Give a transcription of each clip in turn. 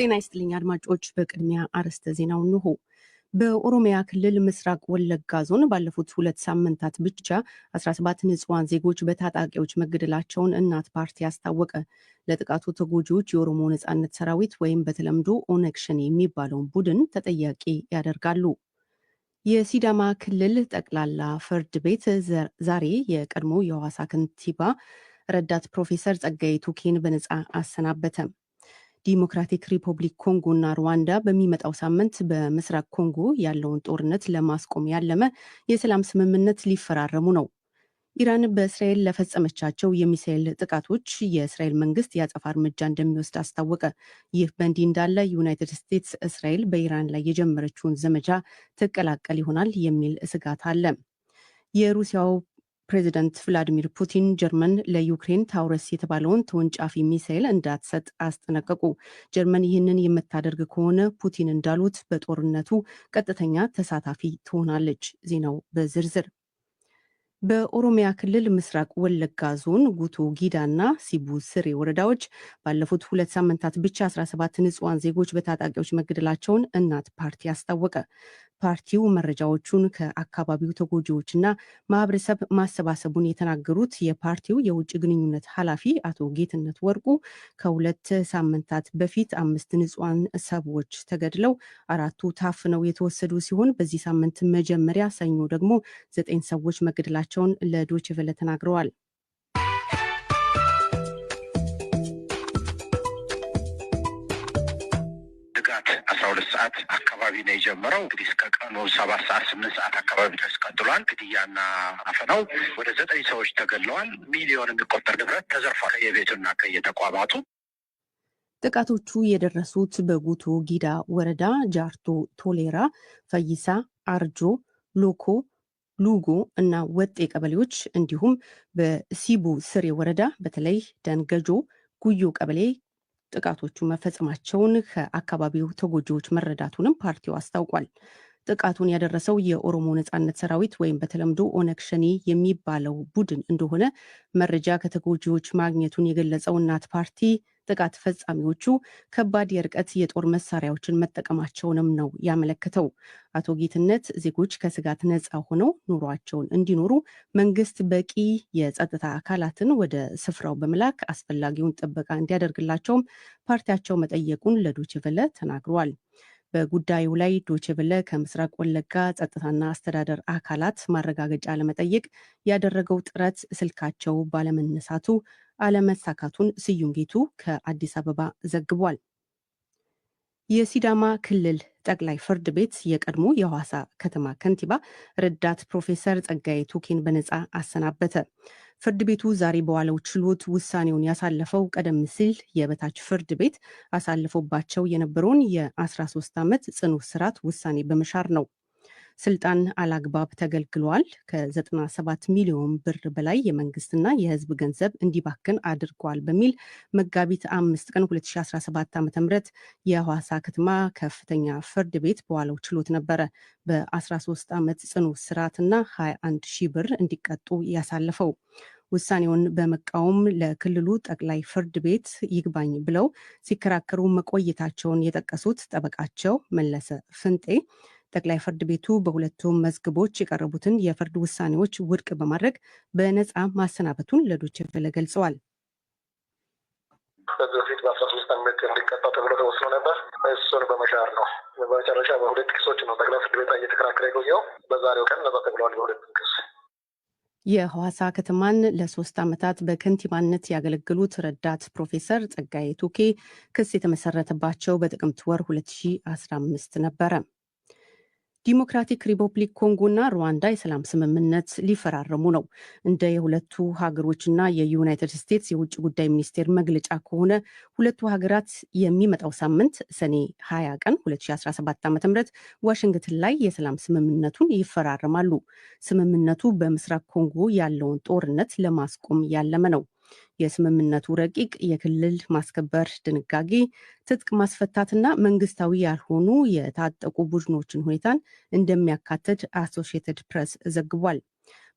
ጤና ይስጥልኝ አድማጮች፣ በቅድሚያ አርዕስተ ዜናው እንሆ። በኦሮሚያ ክልል ምስራቅ ወለጋ ዞን ባለፉት ሁለት ሳምንታት ብቻ 17 ንጹሐን ዜጎች በታጣቂዎች መገደላቸውን እናት ፓርቲ አስታወቀ። ለጥቃቱ ተጎጂዎች የኦሮሞ ነጻነት ሰራዊት ወይም በተለምዶ ኦነግ ሸኔ የሚባለውን ቡድን ተጠያቂ ያደርጋሉ። የሲዳማ ክልል ጠቅላላ ፍርድ ቤት ዛሬ የቀድሞ የሐዋሳ ከንቲባ ረዳት ፕሮፌሰር ጸጋዬ ቱኬን በነፃ አሰናበተ። ዲሞክራቲክ ሪፐብሊክ ኮንጎ እና ሩዋንዳ በሚመጣው ሳምንት በምስራቅ ኮንጎ ያለውን ጦርነት ለማስቆም ያለመ የሰላም ስምምነት ሊፈራረሙ ነው። ኢራን በእስራኤል ለፈጸመቻቸው የሚሳኤል ጥቃቶች የእስራኤል መንግስት የአጸፋ እርምጃ እንደሚወስድ አስታወቀ። ይህ በእንዲህ እንዳለ ዩናይትድ ስቴትስ እስራኤል በኢራን ላይ የጀመረችውን ዘመቻ ትቀላቀል ይሆናል የሚል ስጋት አለ። የሩሲያው ፕሬዚደንት ቭላዲሚር ፑቲን ጀርመን ለዩክሬን ታውረስ የተባለውን ተወንጫፊ ሚሳይል እንዳትሰጥ አስጠነቀቁ። ጀርመን ይህንን የምታደርግ ከሆነ ፑቲን እንዳሉት በጦርነቱ ቀጥተኛ ተሳታፊ ትሆናለች። ዜናው በዝርዝር በኦሮሚያ ክልል ምስራቅ ወለጋ ዞን ጉቶ እና ሲቡ ስሬ ወረዳዎች ባለፉት ሁለት ሳምንታት ብቻ 17 ንጹሐን ዜጎች በታጣቂዎች መገደላቸውን እናት ፓርቲ አስታወቀ። ፓርቲው መረጃዎቹን ከአካባቢው ተጎጂዎችና ማህበረሰብ ማሰባሰቡን የተናገሩት የፓርቲው የውጭ ግንኙነት ኃላፊ አቶ ጌትነት ወርቁ ከሁለት ሳምንታት በፊት አምስት ንጹሐን ሰዎች ተገድለው አራቱ ታፍነው የተወሰዱ ሲሆን በዚህ ሳምንት መጀመሪያ ሰኞ ደግሞ ዘጠኝ ሰዎች መገደላቸውን ለዶችቨለ ተናግረዋል። ሁለት ሰዓት አካባቢ ነው የጀመረው። እንግዲህ እስከ ቀኑ ሰባት ሰዓት ስምንት ሰዓት አካባቢ ድረስ ቀጥሏል። ግድያና አፈናው ወደ ዘጠኝ ሰዎች ተገድለዋል። ሚሊዮን የሚቆጠር ንብረት ተዘርፏል፣ ከየቤቱና ከየተቋማቱ። ጥቃቶቹ የደረሱት በጉቶ ጊዳ ወረዳ ጃርቶ ቶሌራ፣ ፈይሳ፣ አርጆ፣ ሎኮ ሉጎ እና ወጤ ቀበሌዎች እንዲሁም በሲቡ ስሬ ወረዳ በተለይ ደንገጆ ጉዮ ቀበሌ ጥቃቶቹ መፈጸማቸውን ከአካባቢው ተጎጂዎች መረዳቱንም ፓርቲው አስታውቋል። ጥቃቱን ያደረሰው የኦሮሞ ነጻነት ሰራዊት ወይም በተለምዶ ኦነግ ሸኔ የሚባለው ቡድን እንደሆነ መረጃ ከተጎጂዎች ማግኘቱን የገለጸው እናት ፓርቲ ጥቃት ፈጻሚዎቹ ከባድ የርቀት የጦር መሳሪያዎችን መጠቀማቸውንም ነው ያመለክተው። አቶ ጌትነት ዜጎች ከስጋት ነፃ ሆነው ኑሯቸውን እንዲኖሩ መንግስት በቂ የጸጥታ አካላትን ወደ ስፍራው በመላክ አስፈላጊውን ጥበቃ እንዲያደርግላቸውም ፓርቲያቸው መጠየቁን ለዶችቨለ ተናግሯል። በጉዳዩ ላይ ዶችቨለ ከምስራቅ ወለጋ ጸጥታና አስተዳደር አካላት ማረጋገጫ ለመጠየቅ ያደረገው ጥረት ስልካቸው ባለመነሳቱ አለመሳካቱን ስዩም ጌቱ ከአዲስ አበባ ዘግቧል። የሲዳማ ክልል ጠቅላይ ፍርድ ቤት የቀድሞ የሐዋሳ ከተማ ከንቲባ ረዳት ፕሮፌሰር ጸጋዬ ቱኬን በነፃ አሰናበተ። ፍርድ ቤቱ ዛሬ በዋለው ችሎት ውሳኔውን ያሳለፈው ቀደም ሲል የበታች ፍርድ ቤት አሳልፎባቸው የነበረውን የ13 ዓመት ጽኑ እስራት ውሳኔ በመሻር ነው። ስልጣን አላግባብ ተገልግሏል፣ ከ97 ሚሊዮን ብር በላይ የመንግስትና የህዝብ ገንዘብ እንዲባክን አድርጓል በሚል መጋቢት አምስት ቀን 2017 ዓ ም የሐዋሳ ከተማ ከፍተኛ ፍርድ ቤት በዋለው ችሎት ነበረ በ13 ዓመት ጽኑ እስራትና 21 ሺህ ብር እንዲቀጡ ያሳለፈው። ውሳኔውን በመቃወም ለክልሉ ጠቅላይ ፍርድ ቤት ይግባኝ ብለው ሲከራከሩ መቆየታቸውን የጠቀሱት ጠበቃቸው መለሰ ፍንጤ ጠቅላይ ፍርድ ቤቱ በሁለቱም መዝግቦች የቀረቡትን የፍርድ ውሳኔዎች ውድቅ በማድረግ በነፃ ማሰናበቱን ለዶይቼ ቬለ ገልጸዋል። ከዚህ በፊት በአስራ ሶስት አመት እንዲቀጣ ተብሎ ተወስኖ ነበር። እሱን በመሻር ነው። በመጨረሻ በሁለት ክሶች ነው ጠቅላይ ፍርድ ቤት እየተከራከረ የቆየው። በዛሬው ቀን ነጻ ተብለዋል በሁለት ክስ የሐዋሳ ከተማን ለሶስት ዓመታት በከንቲባነት ያገለገሉት ረዳት ፕሮፌሰር ጸጋዬ ቱኬ ክስ የተመሰረተባቸው በጥቅምት ወር 2015 ነበረ። ዲሞክራቲክ ሪፐብሊክ ኮንጎና ሩዋንዳ የሰላም ስምምነት ሊፈራረሙ ነው። እንደ የሁለቱ ሀገሮችና የዩናይትድ ስቴትስ የውጭ ጉዳይ ሚኒስቴር መግለጫ ከሆነ ሁለቱ ሀገራት የሚመጣው ሳምንት ሰኔ 20 ቀን 2017 ዓ ም ዋሽንግተን ላይ የሰላም ስምምነቱን ይፈራረማሉ። ስምምነቱ በምስራቅ ኮንጎ ያለውን ጦርነት ለማስቆም ያለመ ነው። የስምምነቱ ረቂቅ የክልል ማስከበር ድንጋጌ ትጥቅ ማስፈታትና መንግስታዊ ያልሆኑ የታጠቁ ቡድኖችን ሁኔታን እንደሚያካትት አሶሽትድ ፕሬስ ዘግቧል።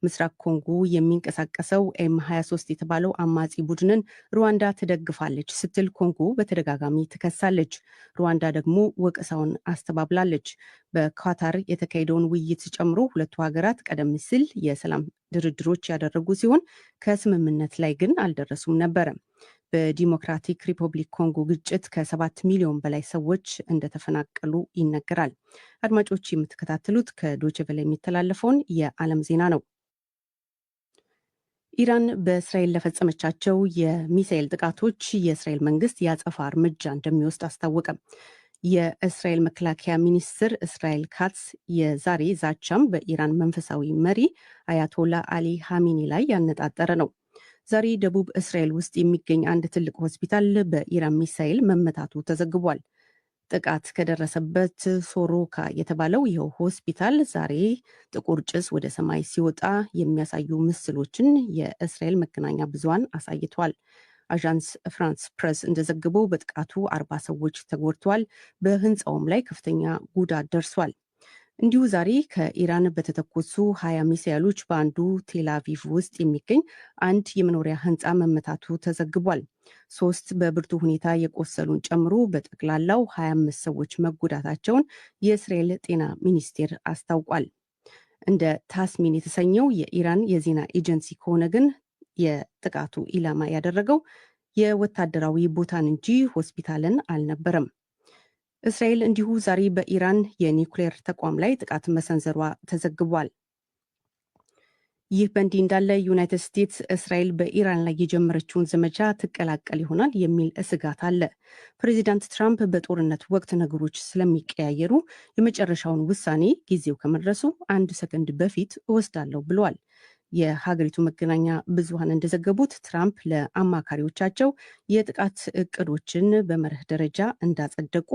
ምስራቅ ኮንጎ የሚንቀሳቀሰው ኤም 23 የተባለው አማጺ ቡድንን ሩዋንዳ ትደግፋለች ስትል ኮንጎ በተደጋጋሚ ትከሳለች። ሩዋንዳ ደግሞ ወቀሳውን አስተባብላለች። በካታር የተካሄደውን ውይይት ጨምሮ ሁለቱ ሀገራት ቀደም ሲል የሰላም ድርድሮች ያደረጉ ሲሆን ከስምምነት ላይ ግን አልደረሱም ነበረም። በዲሞክራቲክ ሪፐብሊክ ኮንጎ ግጭት ከሰባት ሚሊዮን በላይ ሰዎች እንደተፈናቀሉ ይነገራል። አድማጮች የምትከታተሉት በላይ የሚተላለፈውን የዓለም ዜና ነው። ኢራን በእስራኤል ለፈጸመቻቸው የሚሳኤል ጥቃቶች የእስራኤል መንግስት የአጸፋ እርምጃ እንደሚወስድ አስታወቀ። የእስራኤል መከላከያ ሚኒስትር እስራኤል ካትስ የዛሬ ዛቻም በኢራን መንፈሳዊ መሪ አያቶላ አሊ ሀሚኒ ላይ ያነጣጠረ ነው። ዛሬ ደቡብ እስራኤል ውስጥ የሚገኝ አንድ ትልቅ ሆስፒታል በኢራን ሚሳኤል መመታቱ ተዘግቧል። ጥቃት ከደረሰበት ሶሮካ የተባለው ይኸው ሆስፒታል ዛሬ ጥቁር ጭስ ወደ ሰማይ ሲወጣ የሚያሳዩ ምስሎችን የእስራኤል መገናኛ ብዙሃን አሳይቷል። አዣንስ ፍራንስ ፕሬስ እንደዘገበው በጥቃቱ አርባ ሰዎች ተጎድተዋል። በህንፃውም ላይ ከፍተኛ ጉዳት ደርሷል። እንዲሁ ዛሬ ከኢራን በተተኮሱ ሀያ ሚሳይሎች በአንዱ ቴላቪቭ ውስጥ የሚገኝ አንድ የመኖሪያ ህንፃ መመታቱ ተዘግቧል። ሶስት በብርቱ ሁኔታ የቆሰሉን ጨምሮ በጠቅላላው ሀያ አምስት ሰዎች መጎዳታቸውን የእስራኤል ጤና ሚኒስቴር አስታውቋል። እንደ ታስሚን የተሰኘው የኢራን የዜና ኤጀንሲ ከሆነ ግን የጥቃቱ ኢላማ ያደረገው የወታደራዊ ቦታን እንጂ ሆስፒታልን አልነበረም። እስራኤል እንዲሁ ዛሬ በኢራን የኒውክሌር ተቋም ላይ ጥቃት መሰንዘሯ ተዘግቧል። ይህ በእንዲህ እንዳለ ዩናይትድ ስቴትስ እስራኤል በኢራን ላይ የጀመረችውን ዘመቻ ትቀላቀል ይሆናል የሚል ስጋት አለ። ፕሬዚዳንት ትራምፕ በጦርነት ወቅት ነገሮች ስለሚቀያየሩ የመጨረሻውን ውሳኔ ጊዜው ከመድረሱ አንድ ሰከንድ በፊት እወስዳለሁ ብሏል። የሀገሪቱ መገናኛ ብዙሀን እንደዘገቡት ትራምፕ ለአማካሪዎቻቸው የጥቃት እቅዶችን በመርህ ደረጃ እንዳጸደቁ፣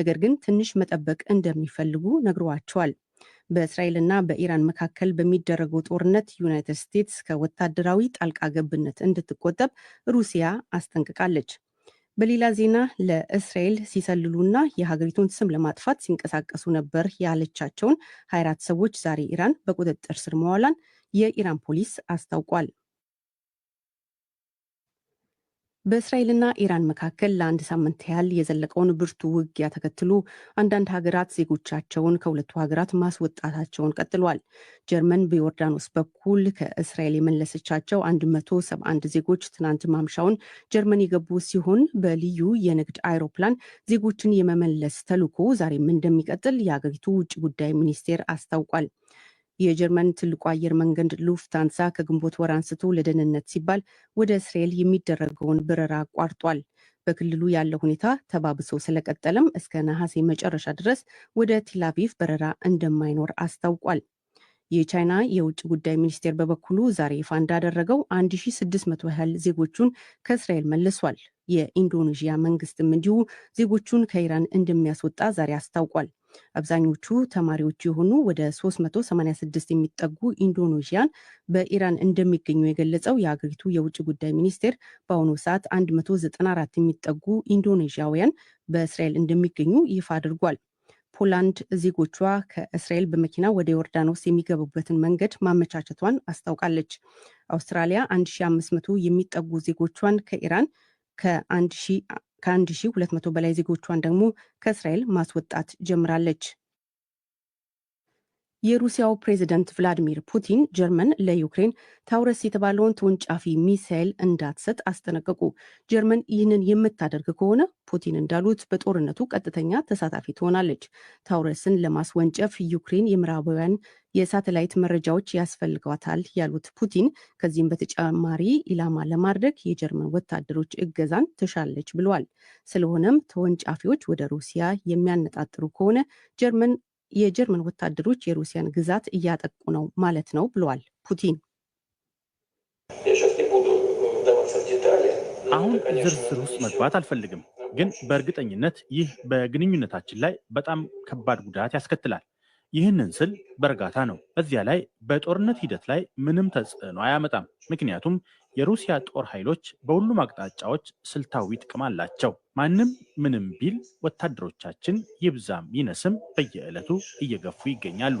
ነገር ግን ትንሽ መጠበቅ እንደሚፈልጉ ነግሯቸዋል። በእስራኤልና በኢራን መካከል በሚደረገው ጦርነት ዩናይትድ ስቴትስ ከወታደራዊ ጣልቃ ገብነት እንድትቆጠብ ሩሲያ አስጠንቅቃለች። በሌላ ዜና ለእስራኤል ሲሰልሉና የሀገሪቱን ስም ለማጥፋት ሲንቀሳቀሱ ነበር ያለቻቸውን ሀያ አራት ሰዎች ዛሬ ኢራን በቁጥጥር ስር መዋላን የኢራን ፖሊስ አስታውቋል። በእስራኤልና ኢራን መካከል ለአንድ ሳምንት ያህል የዘለቀውን ብርቱ ውጊያ ተከትሎ አንዳንድ ሀገራት ዜጎቻቸውን ከሁለቱ ሀገራት ማስወጣታቸውን ቀጥሏል። ጀርመን በዮርዳኖስ በኩል ከእስራኤል የመለሰቻቸው 171 ዜጎች ትናንት ማምሻውን ጀርመን የገቡ ሲሆን በልዩ የንግድ አይሮፕላን ዜጎችን የመመለስ ተልዕኮ ዛሬም እንደሚቀጥል የሀገሪቱ ውጭ ጉዳይ ሚኒስቴር አስታውቋል። የጀርመን ትልቁ አየር መንገድ ሉፍታንሳ ከግንቦት ወር አንስቶ ለደህንነት ሲባል ወደ እስራኤል የሚደረገውን በረራ አቋርጧል። በክልሉ ያለው ሁኔታ ተባብሶ ስለቀጠለም እስከ ነሐሴ መጨረሻ ድረስ ወደ ቴላቪቭ በረራ እንደማይኖር አስታውቋል። የቻይና የውጭ ጉዳይ ሚኒስቴር በበኩሉ ዛሬ ይፋ እንዳደረገው 1600 ያህል ዜጎቹን ከእስራኤል መልሷል። የኢንዶኔዥያ መንግስትም እንዲሁ ዜጎቹን ከኢራን እንደሚያስወጣ ዛሬ አስታውቋል። አብዛኞቹ ተማሪዎች የሆኑ ወደ 386 የሚጠጉ ኢንዶኔዥያን በኢራን እንደሚገኙ የገለጸው የሀገሪቱ የውጭ ጉዳይ ሚኒስቴር በአሁኑ ሰዓት 194 የሚጠጉ ኢንዶኔዥያውያን በእስራኤል እንደሚገኙ ይፋ አድርጓል። ፖላንድ ዜጎቿ ከእስራኤል በመኪና ወደ ዮርዳኖስ የሚገቡበትን መንገድ ማመቻቸቷን አስታውቃለች። አውስትራሊያ 1500 የሚጠጉ ዜጎቿን ከኢራን ከአንድ ሺህ ሁለት መቶ በላይ ዜጎቿን ደግሞ ከእስራኤል ማስወጣት ጀምራለች። የሩሲያው ፕሬዝደንት ቭላዲሚር ፑቲን ጀርመን ለዩክሬን ታውረስ የተባለውን ተወንጫፊ ሚሳኤል እንዳትሰጥ አስጠነቀቁ። ጀርመን ይህንን የምታደርግ ከሆነ ፑቲን እንዳሉት በጦርነቱ ቀጥተኛ ተሳታፊ ትሆናለች። ታውረስን ለማስወንጨፍ ዩክሬን የምዕራባውያን የሳተላይት መረጃዎች ያስፈልጓታል ያሉት ፑቲን ከዚህም በተጨማሪ ኢላማ ለማድረግ የጀርመን ወታደሮች እገዛን ትሻለች ብለዋል። ስለሆነም ተወንጫፊዎች ወደ ሩሲያ የሚያነጣጥሩ ከሆነ ጀርመን የጀርመን ወታደሮች የሩሲያን ግዛት እያጠቁ ነው ማለት ነው ብለዋል ፑቲን። አሁን ዝርዝር ውስጥ መግባት አልፈልግም፣ ግን በእርግጠኝነት ይህ በግንኙነታችን ላይ በጣም ከባድ ጉዳት ያስከትላል። ይህንን ስል በእርጋታ ነው። በዚያ ላይ በጦርነት ሂደት ላይ ምንም ተጽዕኖ አያመጣም፣ ምክንያቱም የሩሲያ ጦር ኃይሎች በሁሉም አቅጣጫዎች ስልታዊ ጥቅም አላቸው። ማንም ምንም ቢል ወታደሮቻችን ይብዛም ይነስም በየዕለቱ እየገፉ ይገኛሉ።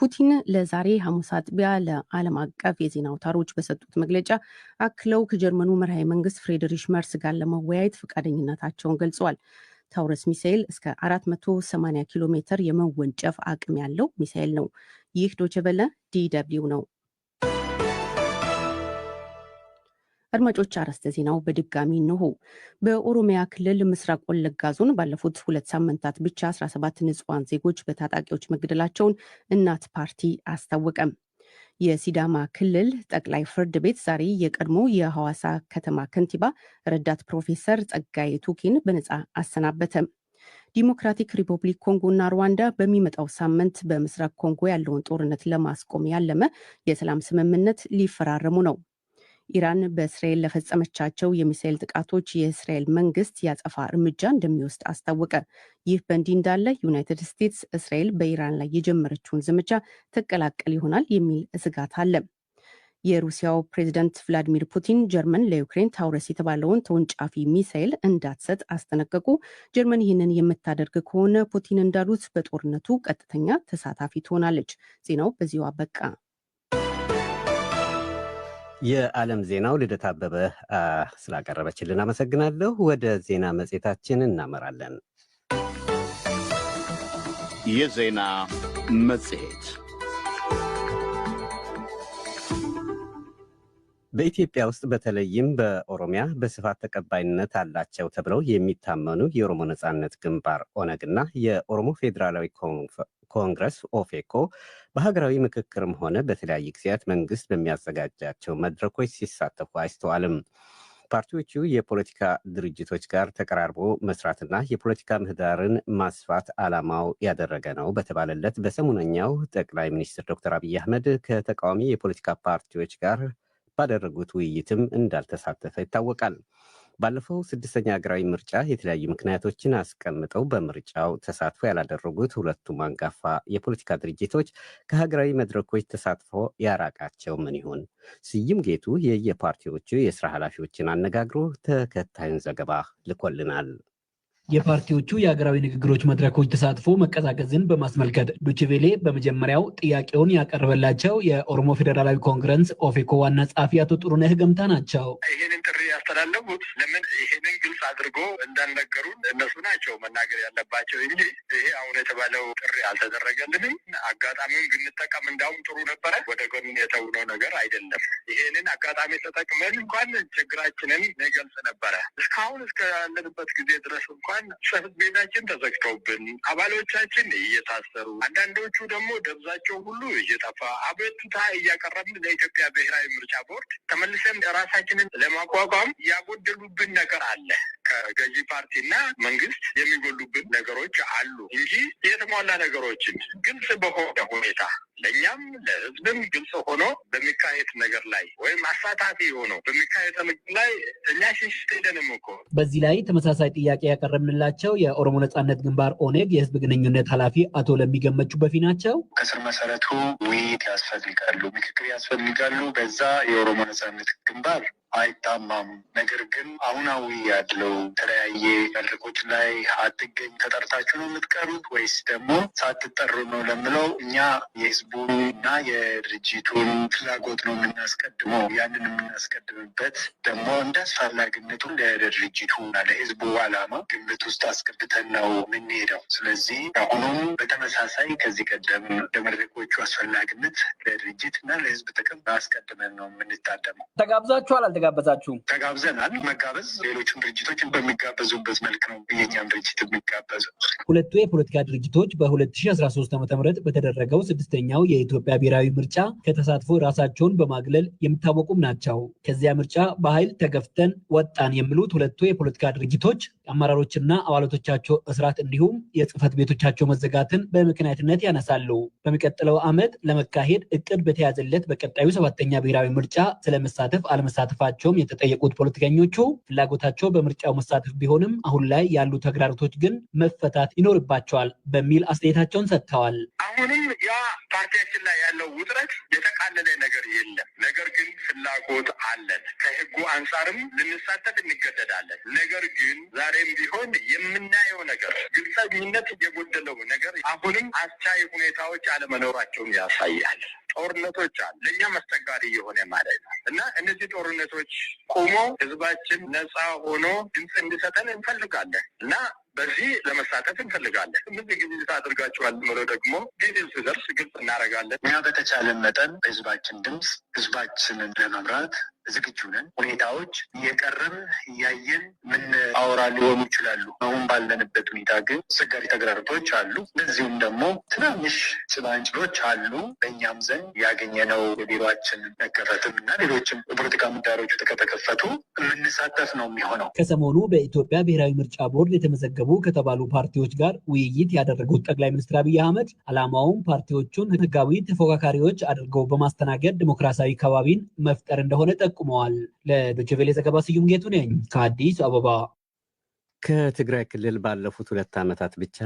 ፑቲን ለዛሬ ሐሙስ አጥቢያ ለዓለም አቀፍ የዜና አውታሮች በሰጡት መግለጫ አክለው ከጀርመኑ መርሃዊ መንግስት ፍሬድሪሽ መርስ ጋር ለመወያየት ፈቃደኝነታቸውን ገልጸዋል። ታውረስ ሚሳኤል እስከ 480 ኪሎ ሜትር የመወንጨፍ አቅም ያለው ሚሳኤል ነው። ይህ ዶችቨለ ዲደብሊው ነው። አድማጮች አርዕስተ ዜናው በድጋሚ እንሆ። በኦሮሚያ ክልል ምስራቅ ወለጋ ዞን ባለፉት ሁለት ሳምንታት ብቻ 17 ንጹሐን ዜጎች በታጣቂዎች መገደላቸውን እናት ፓርቲ አስታወቀም። የሲዳማ ክልል ጠቅላይ ፍርድ ቤት ዛሬ የቀድሞ የሐዋሳ ከተማ ከንቲባ ረዳት ፕሮፌሰር ጸጋይ ቱኪን በነፃ አሰናበተም። ዲሞክራቲክ ሪፐብሊክ ኮንጎ እና ሩዋንዳ በሚመጣው ሳምንት በምስራቅ ኮንጎ ያለውን ጦርነት ለማስቆም ያለመ የሰላም ስምምነት ሊፈራረሙ ነው። ኢራን በእስራኤል ለፈጸመቻቸው የሚሳኤል ጥቃቶች የእስራኤል መንግስት ያጸፋ እርምጃ እንደሚወስድ አስታወቀ። ይህ በእንዲህ እንዳለ ዩናይትድ ስቴትስ እስራኤል በኢራን ላይ የጀመረችውን ዘመቻ ተቀላቀል ይሆናል የሚል ስጋት አለ። የሩሲያው ፕሬዚደንት ቭላዲሚር ፑቲን ጀርመን ለዩክሬን ታውረስ የተባለውን ተወንጫፊ ሚሳይል እንዳትሰጥ አስጠነቀቁ። ጀርመን ይህንን የምታደርግ ከሆነ ፑቲን እንዳሉት በጦርነቱ ቀጥተኛ ተሳታፊ ትሆናለች። ዜናው በዚሁ አበቃ። የዓለም ዜናው ልደት አበበ ስላቀረበችልን አመሰግናለሁ። ወደ ዜና መጽሔታችን እናመራለን። የዜና መጽሔት በኢትዮጵያ ውስጥ በተለይም በኦሮሚያ በስፋት ተቀባይነት አላቸው ተብለው የሚታመኑ የኦሮሞ ነጻነት ግንባር ኦነግ እና የኦሮሞ ፌዴራላዊ ኮንግረስ ኦፌኮ በሀገራዊ ምክክርም ሆነ በተለያየ ጊዜያት መንግስት በሚያዘጋጃቸው መድረኮች ሲሳተፉ አይስተዋልም። ፓርቲዎቹ የፖለቲካ ድርጅቶች ጋር ተቀራርቦ መስራትና የፖለቲካ ምህዳርን ማስፋት ዓላማው ያደረገ ነው በተባለለት በሰሙነኛው ጠቅላይ ሚኒስትር ዶክተር አብይ አህመድ ከተቃዋሚ የፖለቲካ ፓርቲዎች ጋር ባደረጉት ውይይትም እንዳልተሳተፈ ይታወቃል። ባለፈው ስድስተኛ ሀገራዊ ምርጫ የተለያዩ ምክንያቶችን አስቀምጠው በምርጫው ተሳትፎ ያላደረጉት ሁለቱም አንጋፋ የፖለቲካ ድርጅቶች ከሀገራዊ መድረኮች ተሳትፎ ያራቃቸው ምን ይሆን? ስዩም ጌቱ የየፓርቲዎቹ የስራ ኃላፊዎችን አነጋግሮ ተከታዩን ዘገባ ልኮልናል። የፓርቲዎቹ የሀገራዊ ንግግሮች መድረኮች ተሳትፎ መቀዛቀዝን በማስመልከት ዱችቬሌ በመጀመሪያው ጥያቄውን ያቀረበላቸው የኦሮሞ ፌዴራላዊ ኮንግረስ ኦፌኮ ዋና ጸሐፊ አቶ ጥሩነህ ገምታ ናቸው። ይህንን ጥሪ ያስተላለፉት ለምን ይሄ አድርጎ እንዳልነገሩን እነሱ ናቸው መናገር ያለባቸው እንጂ ይሄ አሁን የተባለው ጥሪ አልተደረገልንም። አጋጣሚውን ብንጠቀም እንዳውም ጥሩ ነበረ። ወደ ጎን የተውነው ነገር አይደለም። ይሄንን አጋጣሚ ተጠቅመን እንኳን ችግራችንን ገልጽ ነበረ። እስካሁን እስካለንበት ጊዜ ድረስ እንኳን ጽሕፈት ቤታችን ተዘግተውብን አባሎቻችን እየታሰሩ አንዳንዶቹ ደግሞ ደብዛቸው ሁሉ እየጠፋ አቤቱታ እያቀረብን ለኢትዮጵያ ብሔራዊ ምርጫ ቦርድ ተመልሰን ራሳችንን ለማቋቋም ያጎደሉብን ነገር አለ። ከገዢ ፓርቲ እና መንግስት የሚጎሉብን ነገሮች አሉ እንጂ የተሟላ ነገሮችን ግልጽ በሆነ ሁኔታ ለእኛም ለህዝብም ግልጽ ሆኖ በሚካሄድ ነገር ላይ ወይም አሳታፊ ሆኖ በሚካሄድ ነገር ላይ እኛ ሽሽደንም እኮ በዚህ ላይ ተመሳሳይ ጥያቄ ያቀረብንላቸው የኦሮሞ ነጻነት ግንባር ኦኔግ የህዝብ ግንኙነት ኃላፊ አቶ ለሚገመቹ በፊ ናቸው። ከስር መሰረቱ ውይይት ያስፈልጋሉ፣ ምክክር ያስፈልጋሉ። በዛ የኦሮሞ ነጻነት ግንባር አይታማም። ነገር ግን አሁናዊ ያለው የተለያየ መድረኮች ላይ አትገኝ ተጠርታችሁ ነው የምትቀሩት ወይስ ደግሞ ሳትጠሩ ነው ለምለው እኛ የህዝቡን እና የድርጅቱን ፍላጎት ነው የምናስቀድመው። ያንን የምናስቀድምበት ደግሞ እንደ አስፈላጊነቱ ለድርጅቱ እና ለህዝቡ አላማ ግምት ውስጥ አስገብተን ነው የምንሄደው። ስለዚህ አሁኑም በተመሳሳይ ከዚህ ቀደም ለመድረኮቹ አስፈላጊነት ለድርጅት እና ለህዝብ ጥቅም አስቀድመን ነው የምንታደመው። ተጋብዛችኋል አልተጋበዛችሁም? ተጋብዘናል። መጋበዝ ሌሎችም ድርጅቶች በሚጋበዙበት መልክ ነው የኛም ድርጅት የሚጋበዙ። ሁለቱ የፖለቲካ ድርጅቶች በ2013 ም በተደረገው ስድስተኛው የኢትዮጵያ ብሔራዊ ምርጫ ከተሳትፎ ራሳቸውን በማግለል የሚታወቁም ናቸው። ከዚያ ምርጫ በኃይል ተገፍተን ወጣን የሚሉት ሁለቱ የፖለቲካ ድርጅቶች አመራሮችና አባላቶቻቸው እስራት እንዲሁም የጽህፈት ቤቶቻቸው መዘጋትን በምክንያትነት ያነሳሉ። በሚቀጥለው ዓመት ለመካሄድ እቅድ በተያዘለት በቀጣዩ ሰባተኛ ብሔራዊ ምርጫ ስለመሳተፍ አለመሳተፋቸው መሆናቸውም የተጠየቁት ፖለቲከኞቹ ፍላጎታቸው በምርጫው መሳተፍ ቢሆንም አሁን ላይ ያሉ ተግዳሮቶች ግን መፈታት ይኖርባቸዋል በሚል አስተያየታቸውን ሰጥተዋል። አሁንም ያ ፓርቲያችን ላይ ያለው ውጥረት የተቃለለ ነገር የለም። ነገር ግን ፍላጎት አለን። ከህጉ አንጻርም ልንሳተፍ እንገደዳለን። ነገር ግን ዛሬም ቢሆን የምናየው ነገር ግልጸኝነት የጎደለው ነገር አሁንም አስቻይ ሁኔታዎች አለመኖራቸውን ያሳያል። ጦርነቶች አሉ፣ ለእኛ መስተጋሪ የሆነ ማለት ነው እና እነዚህ ጦርነቶች ቆሞ ህዝባችን ነጻ ሆኖ ድምፅ እንዲሰጠን እንፈልጋለን እና በዚህ ለመሳተፍ እንፈልጋለን። እነዚህ ጊዜ አድርጋችኋል ምለው ደግሞ ዲቴል ሲደርስ ግልጽ እናደርጋለን። እኛ በተቻለን መጠን በህዝባችን ድምፅ ህዝባችንን ለመምራት ዝግጁ ነን። ሁኔታዎች እየቀረብ እያየን አውራ ሊሆኑ ይችላሉ። አሁን ባለንበት ሁኔታ ግን አስቸጋሪ ተግዳሮቶች አሉ። እነዚሁም ደግሞ ትናንሽ ጭላንጭሎች አሉ። በእኛም ዘንድ ያገኘነው የቢሮችን መከፈትም እና ሌሎችም የፖለቲካ ምህዳሮቹ ከተከፈቱ የምንሳተፍ ነው የሚሆነው። ከሰሞኑ በኢትዮጵያ ብሔራዊ ምርጫ ቦርድ የተመዘገቡ ከተባሉ ፓርቲዎች ጋር ውይይት ያደረጉት ጠቅላይ ሚኒስትር አብይ አህመድ አላማውም ፓርቲዎቹን ህጋዊ ተፎካካሪዎች አድርገው በማስተናገድ ዲሞክራሲያዊ ከባቢን መፍጠር እንደሆነ ጠቁመዋል። ለዶችቬሌ ዘገባ ስዩም ጌቱ ነኝ ከአዲስ አበባ። ከትግራይ ክልል ባለፉት ሁለት ዓመታት ብቻ